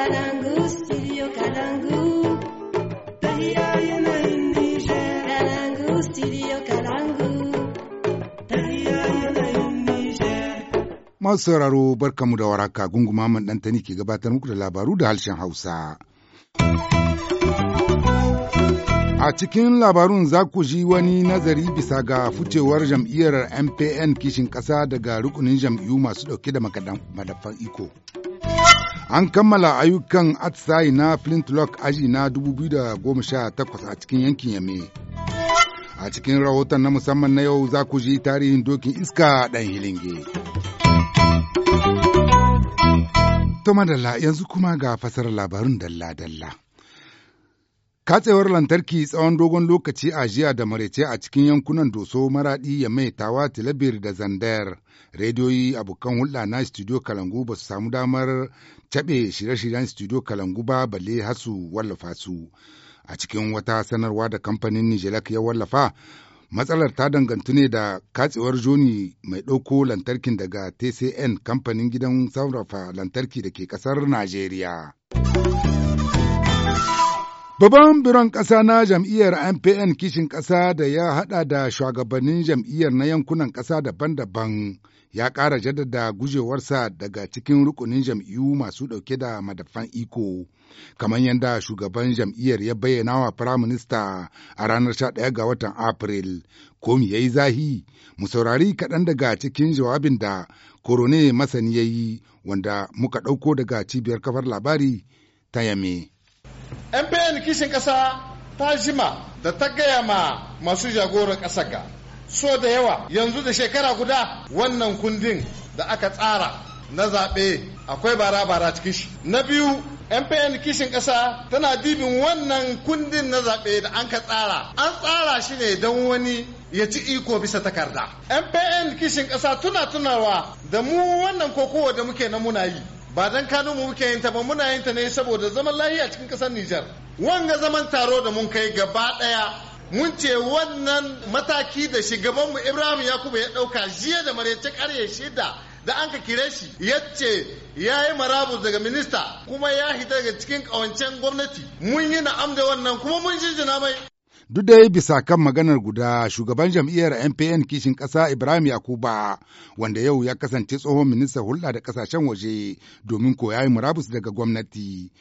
Kalangu, Masu sauraro barkamu da waraka gunguma man tani ke gabatar muku da labaru da harshen Hausa. A cikin labarun za ku ji wani nazari bisa ga ficewar jam'iyyar MPN kishin ƙasa daga rukunin jam'iyyu masu ɗauke da madafan iko. An kammala ayyukan atisayi na Flintlock aji na 2018 a cikin yankin Yame. A cikin rahoton na musamman na yau za ku ji tarihin dokin iska ɗan hilinge. To madalla yanzu kuma ga fasar labarin dalla-dalla. Katsewar lantarki tsawon dogon lokaci a jiya da maraice a cikin yankunan Doso Maraɗi ya mai tawa Tilabir da Zandayar. Rediyoyi abokan hulɗa na Studio Kalangu ba su samu damar caɓe shirye-shiryen Studio Kalangu ba balle hasu wallafa su. A cikin wata sanarwa da kamfanin Nijelak ya wallafa, matsalar ta dangantu ne da katsewar joni mai ɗauko lantarkin daga TCN kamfanin gidan sarrafa lantarki da ke ƙasar Najeriya. Babban biron ƙasa na jam'iyyar MPN kishin ƙasa da ya haɗa da shugabannin jam'iyyar na yankunan ƙasa daban-daban ya ƙara jaddada gujewarsa daga cikin rukunin jam'iyyu masu ɗauke da madafan iko, kamar yadda shugaban jam'iyyar ya bayyana wa firaminista a ranar 11 ga watan Afril, komi ya yi zahi, mu saurari kaɗan daga cikin jawabin da korone masani ya yi wanda muka ɗauko daga cibiyar kafar labari ta Yame. mpn kishin ƙasa ta jima da ta gaya ma masu jagoran ƙasar ga so da yawa yanzu da shekara guda wannan kundin da aka tsara na zaɓe akwai bara-bara cikin shi na biyu mpn kishin ƙasa tana dibin wannan kundin na zaɓe da an ka tsara an tsara shi ne don wani ya ci iko bisa takarda mpn kishin ƙasa tuna tunawa da mu wannan kokowa da muke na muna yi ba dan kano mu muke yin ta ba muna yin ta ne saboda zaman lahiya cikin kasar Nijar wanga zaman taro da mun kai gaba daya mun ce wannan mataki da mu Ibrahim Yakubu ya dauka jiya da marece karye shida da an ka kire shi ya ce ya yi marabu daga minista kuma ya hita daga cikin kawancen gwamnati mun yi na'am da wannan kuma mun jinjina mai Duk dai bisa kan maganar guda shugaban jam'iyyar MPN kishin ƙasa Ibrahim Yakuba wanda yau ya kasance tsohon ministan hulɗa da ƙasashen waje domin koya murabus daga gwamnati.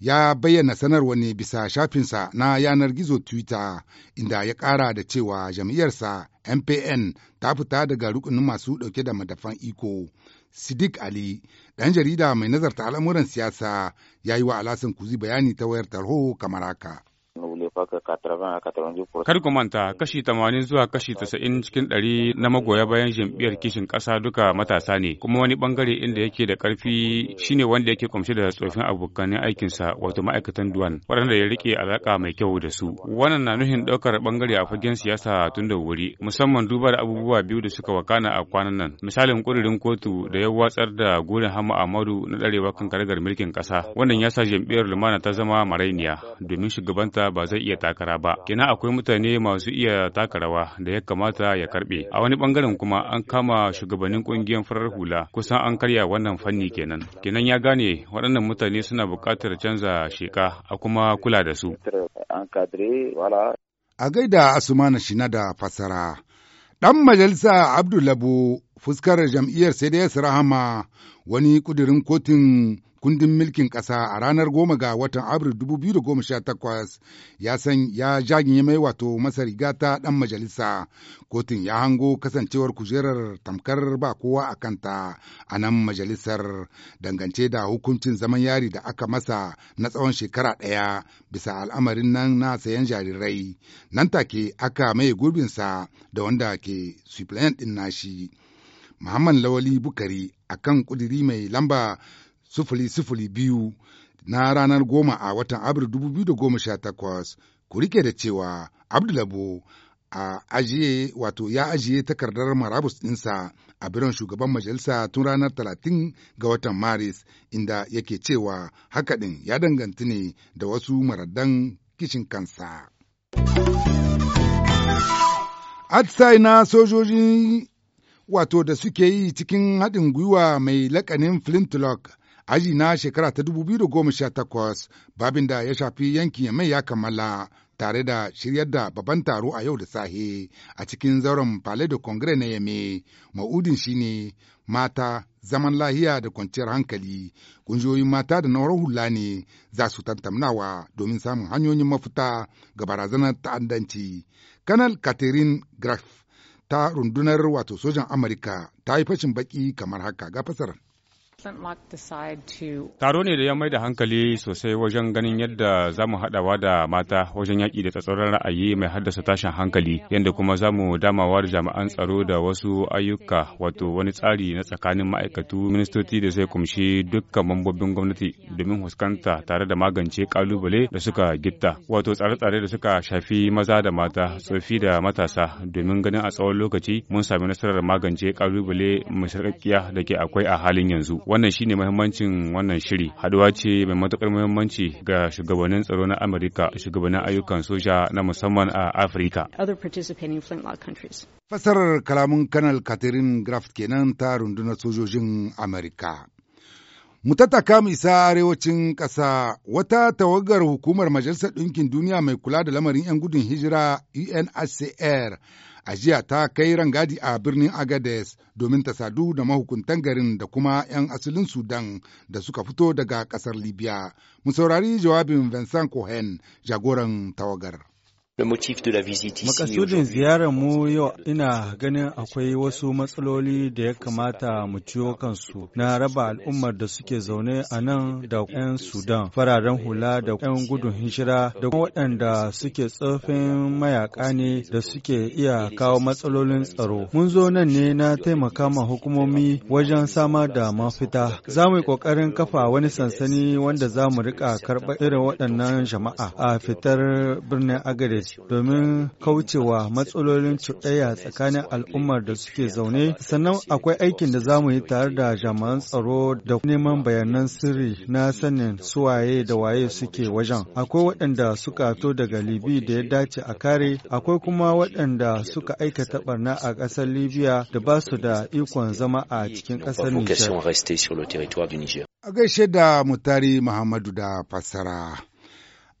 ya bayyana sanarwa ne bisa shafinsa na yanar gizo Twitter inda ya ƙara da cewa jam'iyyarsa MPN ta fita daga rukunin masu ɗauke da madafan iko. Sidik Ali, ɗan jarida mai nazarta al'amuran siyasa, ya yi wa Alasan Kuzi bayani ta wayar tarho kamar haka. Kar ku manta kashi tamanin zuwa kashi tasa'in cikin ɗari na magoya bayan jam'iyyar kishin ƙasa duka matasa ne kuma wani bangare inda yake da ƙarfi shine wanda yake kumshe da tsofin abokanin aikinsa wato ma'aikatan duwan waɗanda ya rike alaka mai kyau da su. Wannan na nuhin ɗaukar bangare a fagen siyasa tun da wuri musamman duba da abubuwa biyu da suka wakana a kwanan nan misalin ƙudurin kotu da ya watsar da gurin hama Amadu na ɗarewa kan karagar mulkin ƙasa wannan ya sa jam'iyyar lumana ta zama marainiya domin shugabanta ba zai zai iya takara ba kina akwai mutane masu iya takarawa da ya kamata ya karbe a wani bangaren kuma an kama shugabannin kungiyar farar hula kusan an karya wannan fanni kenan kenan ya gane waɗannan mutane suna buƙatar canza sheka a kuma kula da su a gaida asumana shina da fassara ɗan majalisa abdullabu fuskar jam'iyyar sai da wani kudirin kotun kundin milkin ƙasa a ranar goma ga watan Abril 2018 ya san ya jaginye mai wato masa riga ta ɗan majalisa. Kotun ya hango kasancewar kujerar tamkar ba kowa a kanta a nan majalisar dangance da hukuncin zaman yari da aka masa na tsawon shekara ɗaya bisa al'amarin nan na sayan jarirai. Nan take aka mai gurbinsa da wanda ke suppliant ɗin nashi. Muhammad Lawali Bukari akan ƙudiri mai lamba sufuli sufuli biyu na ranar goma a watan Abril 2018 ku rike da cewa Abdulabo a ajiye wato ya ajiye takardar marabus ɗinsa a biran shugaban majalisa tun ranar talatin ga watan Maris inda yake cewa haka ɗin ya danganti ne da wasu maraddan kishin kansa. Atsai na sojoji wato da suke yi cikin haɗin gwiwa mai lakanin Flintlock aji na shekara ta 2018 babin da ya shafi yankin yamai ya kammala tare da shiryar da babban taro a yau da sahe a cikin zauren Palais de Congrès na Yame, ma'udin shine mata, zaman lahiya da kwanciyar hankali, ƙungiyoyin mata da nauran hula ne za su tantamnawa domin samun hanyoyin mafita ga barazanar ta'addanci. Kanal Catherine Graf ta rundunar wato sojan Amurka ta yi fashin baki kamar haka ga fasarar. Taro ne da ya mai da hankali sosai wajen ganin yadda za mu haɗawa da mata wajen yaƙi da tsatsauran ra'ayi mai haddasa tashin hankali, yadda kuma za mu damawa da jami'an tsaro da wasu ayyuka wato wani tsari na tsakanin ma'aikatu ministoci da zai kumshi dukkan mambobin gwamnati domin huskanta tare da magance ƙalubale da suka gitta, wato tsare-tsare da suka shafi maza da mata, tsofi da matasa domin ganin a tsawon lokaci mun sami nasarar magance ƙalubale mai sarƙaƙƙiya da ke akwai a halin yanzu. Wannan shine muhimmancin wannan shiri. Haduwa ce mai matukar muhimmanci ga shugabannin tsaro na Amurka, shugabannin ayyukan soja na musamman a Afirka. Fasarar kalamun Kanal Catherine Graft kenan ta rundunar sojojin amerika mu tattaka mu isa arewacin ƙasa wata tawagar hukumar majalisar ɗinkin duniya mai kula da lamarin 'yan gudun hijira unhcr a jiya ta kai rangadi a birnin agades domin ta sadu da mahukuntan garin da kuma 'yan asalin sudan da suka fito daga kasar libya mu saurari jawabin vincent cohen jagoran tawagar Makasudin ziyarar mu yau ina ganin akwai wasu matsaloli da ya kamata mu ciwo kansu na raba al'ummar da suke zaune a nan da 'yan Sudan, fararen hula da 'yan gudun hijira da kuma waɗanda suke tsofin mayaka ne da suke iya kawo matsalolin tsaro. Mun zo nan ne na taimaka ma hukumomi wajen samar da mafita. Za mu yi ƙoƙarin kafa wani sansani wanda za mu riƙa karɓar irin waɗannan jama'a a fitar birnin Agadez. domin kaucewa matsalolin cuɗaya tsakanin al'ummar da suke zaune sannan akwai aikin da za mu yi tare da jami'an tsaro da neman bayanan sirri na sanin suwaye da waye suke wajen akwai waɗanda suka to daga libi da ya dace a kare akwai kuma waɗanda suka aikata barna a ƙasar libya da ba su da ikon zama a cikin ƙasar nijar a gaishe da mutari muhammadu da fassara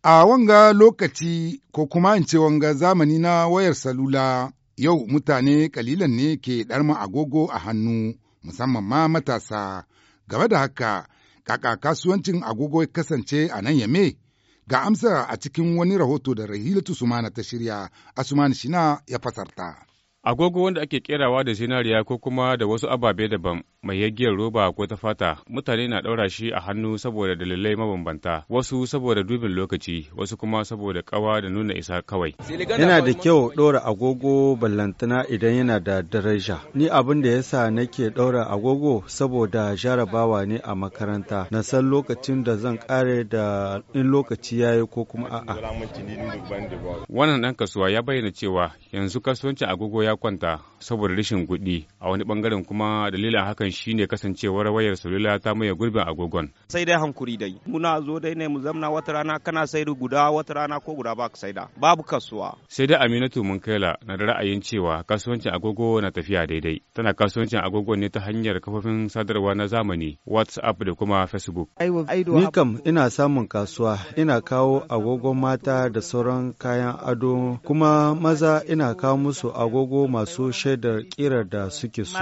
A wanga lokaci ko kuma in ce wanga zamani na wayar salula yau mutane kalilan ne ke ɗarma agogo a hannu musamman ma matasa. Gaba da haka, kaka kasuwancin agogo kasance a nan yame? Ga amsa a cikin wani rahoto da Rahilatu Sumana ta shirya, Asumani Shina ya fasarta. Agogo wanda ake kerawa da zinariya ko kuma da wasu ababe daban mai yaggiyar roba ko ta fata mutane na ɗaura shi a hannu saboda dalilai mabambanta wasu saboda dubin lokaci wasu kuma saboda kawa da nuna isa kawai. Yana da kyau ɗora agogo ballantana idan yana da daraja. Ni abin da yasa nake ɗora agogo saboda jarabawa ne a makaranta na san lokacin da zan kare da in lokaci ya yi ko kuma a'a. Wannan ɗan kasuwa ya bayyana cewa yanzu kasuwancin agogo ya ya kwanta saboda rashin kuɗi a wani bangaren kuma dalilin hakan shine kasancewar wayar salula ta maye gurbin agogon sai dai hankuri dai muna zo dai ne mu zamna wata rana kana sai guda wata rana ko guda ba ka saida babu kasuwa sai dai Aminatu mun kaila na da ra'ayin cewa kasuwancin agogo na tafiya daidai tana kasuwancin agogo ne ta hanyar kafofin sadarwa na zamani WhatsApp da kuma Facebook ni kam ina samun kasuwa ina kawo agogon mata da sauran kayan ado kuma maza ina kawo musu agogo masu shaidar kira da suke so.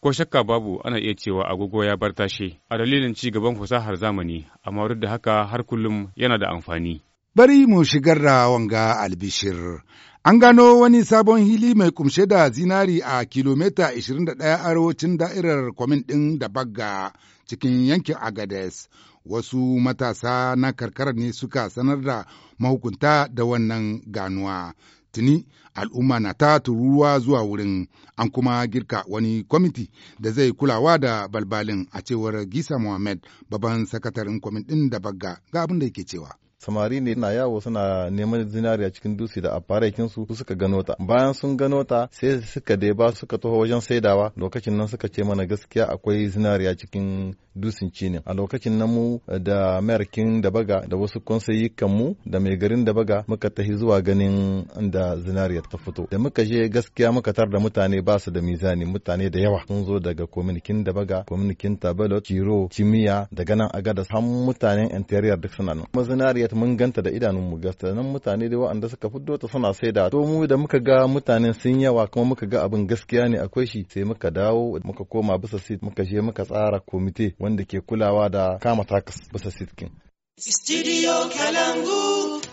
Ko shakka babu ana iya cewa agogo ya bar tashe a dalilin ci gaban fasahar zamani, amma duk da haka har kullum yana da amfani. Bari mu shigar da wanga albishir. An gano wani sabon hili mai kumshe da zinari a kilomita 21 arewacin da'irar kwamin ɗin da bagga cikin yankin Agades. Wasu matasa na karkarar ne suka sanar da mahukunta da wannan ganuwa. tuni al'umma na ta tururuwa zuwa wurin an kuma girka wani kwamiti da zai kulawa da balbalin a cewar gisa mohammed babban sakataren kwamitin da bagga ga abin da yake cewa samari ne na yawo suna neman zinariya cikin dutse da afarakin su suka gano ta bayan sun gano ta sai suka dai ba suka taho wajen saidawa lokacin nan suka ce mana gaskiya akwai zinariya cikin dusin cinin a lokacin nan mu da mayarkin da baga da wasu konsayikan mu da mai garin da baga muka tahi zuwa ganin inda zinariya ta fito da muka je gaskiya muka tar da mutane ba su da mizani mutane da yawa sun zo daga kominikin da baga kominikin tabalot jiro cimiya daga nan agada har mutanen interior duk suna nan zinariya market mun ganta da idanunmu gasta nan mutane da waɗanda suka fito ta suna saida to mu da muka ga mutanen sun yawa kuma muka ga abin gaskiya ne akwai shi sai muka dawo muka koma bisa sit muka je muka tsara komite wanda ke kulawa da kama takas bisa sitkin. kin. Studio Kalangu.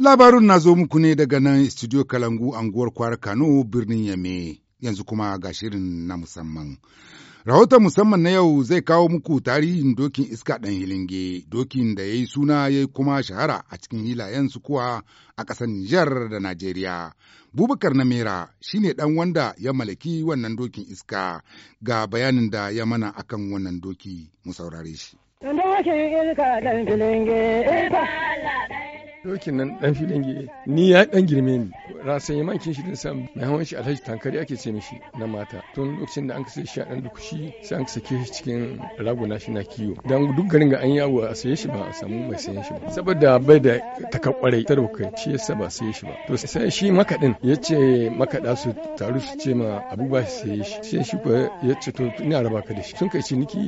Labarun na zo muku ne daga nan studio Kalangu anguwar kwara Kano birnin Yame yanzu kuma ga shirin na musamman. Rahoton musamman na yau zai kawo muku tarihin dokin iska ɗan hilinge, dokin da ya yi suna ya yi kuma shahara a cikin hilayen su kuwa a ƙasar Nijar da Najeriya. Bubakar Namera shi ne ɗan wanda ya malaki wannan dokin iska ga bayanin da ya mana akan wannan doki mu saurare shi. Dokin iska ɗan hilinge, eh, dokin nan dan filin ni ya dan girme ni rasan yaman kin shi da sam mai hawan shi alhaji tankari ake ce mishi na mata tun lokacin da an kasa shi a ɗan dukushi sai an sake shi cikin raguna shi na kiyo dan duk garin ga an yawo a saye shi ba a samu mai sayan shi ba saboda bai da takakwarai tarwaka shi yasa ba saye shi ba to sai shi makadin ce makada su taru su ce ma abubuwa shi saye shi sai shi ko ce to ina raba ka da shi sun kai ciniki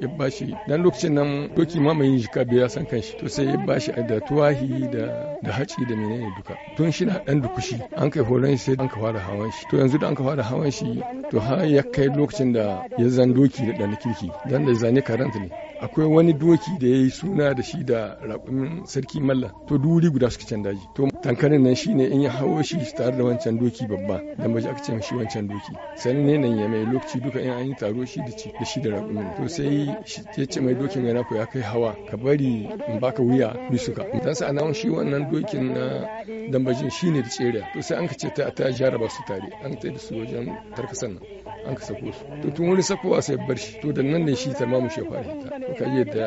ya bashi dan lokacin nan doki mamayin jika ka biya san shi to sai ya bashi da tuwahi da da haci da menene duka tun shi na dan dukushi an kai horon shi sai an ka fara hawan shi to yanzu da an ka fara hawan shi to har ya kai lokacin da ya zan doki da ɗan kirki dan da zane karanta ne akwai wani doki da ya yi suna da shi da raƙumin sarki malla to duri guda suke can daji to tankarin nan shine in ya hawo shi tare da wancan doki babba dan baji aka ce shi wancan doki Sannan ne nan ya mai lokaci duka in an yi taro shi da shi da raƙumin to sai ya ce mai dokin ga naku ya kai hawa ka bari in baka wuya bisuka dan sa anan shi wannan dokin na dambajin shine da tsere to sai an ka ce ta ta jaraba su tare an ta da su wajen tarkasan nan an ka sako su to tun wani sakowa sai bar shi to da nan ne shi tarmamu shi ya fara hita ka yi da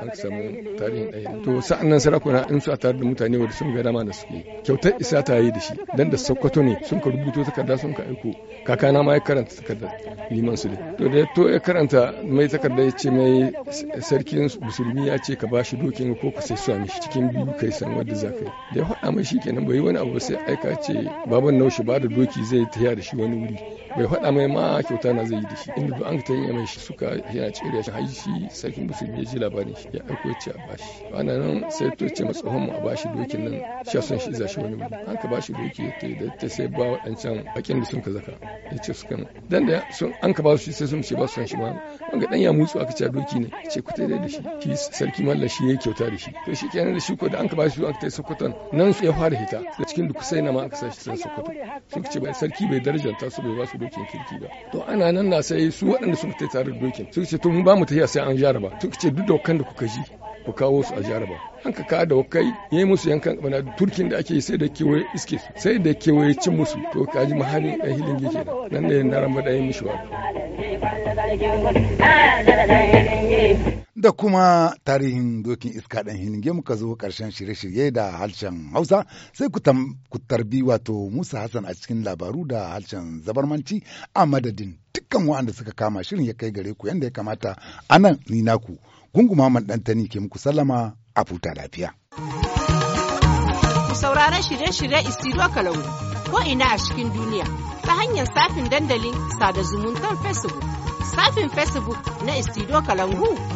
an ka samu tarihin ɗaya to sa'an nan sarakuna in su a tare da mutane wanda sun ga dama da suke kyautar isa ta yi da shi dan da sokoto ne sun ka rubuto takarda sun ka aiko kakana ma ya karanta takarda liman su to da to ya karanta mai takarda ya ce mai sarkin musulmi ya ce ka bashi dokin ko ka sai suwa mishi cikin biyu kai san wanda za ka yi da ya faɗa mai shi kenan bai yi wani abu sai aika ce baban naushi ba da doki zai tafiya da shi wani wuri bai faɗa mai ma kyauta na zai yi da shi inda duk an ta yi mai shi suka yana cikin shi haji shi sarkin musulmi ya ji labarin shi ya aiko ce a bashi ana nan sai to ce tsohon mu a bashi dokin nan shi son shi zashi shi wani wuri an ka bashi doki ya ta da ta sai ba waɗancan bakin da sun ka zaka ya ce su kan dan da sun an ka ba su sai sun ce ba su san shi ma ga dan ya mutsu aka ce doki ne ce ku tai da shi shi sarki mallan shi ya kyauta da shi to shi kenan da shi ko da an ka bashi an ka yi sokoton nan ya fara hita da cikin duk sai na ma aka sa shi sai sokoton sun ce ba sarki bai darajanta su bai ba su dokin kirki ba to ana nan na sai su waɗanda suka ta tare da dokin suka ce to ba mu tafiya sai an jaraba suka ce duk dokan da kuka ji ku kawo su a jaraba an ka kawo da wakai ya yi musu yankan bana turkin da ake yi sai da kewaye iske su sai da kewaye cin musu to kaji mahalin ɗan hilin yake nan da na ramba ɗayan mishi wa da kuma tarihin dokin iska ɗan hinge muka zo ƙarshen shirye-shirye da harshen hausa sai ku tarbi wato musa hassan a cikin labaru da harshen zabarmanci a madadin dukkan waɗanda suka kama shirin ya kai gare ku yadda ya kamata a nan ni naku gunguma man ɗantani ke muku sallama a futa lafiya. Ku sauraron shirye-shirye Isiro Kalau ko ina a cikin duniya ta hanyar safin dandalin sada zumuntar Facebook. Safin Facebook na Isiro Kalangu.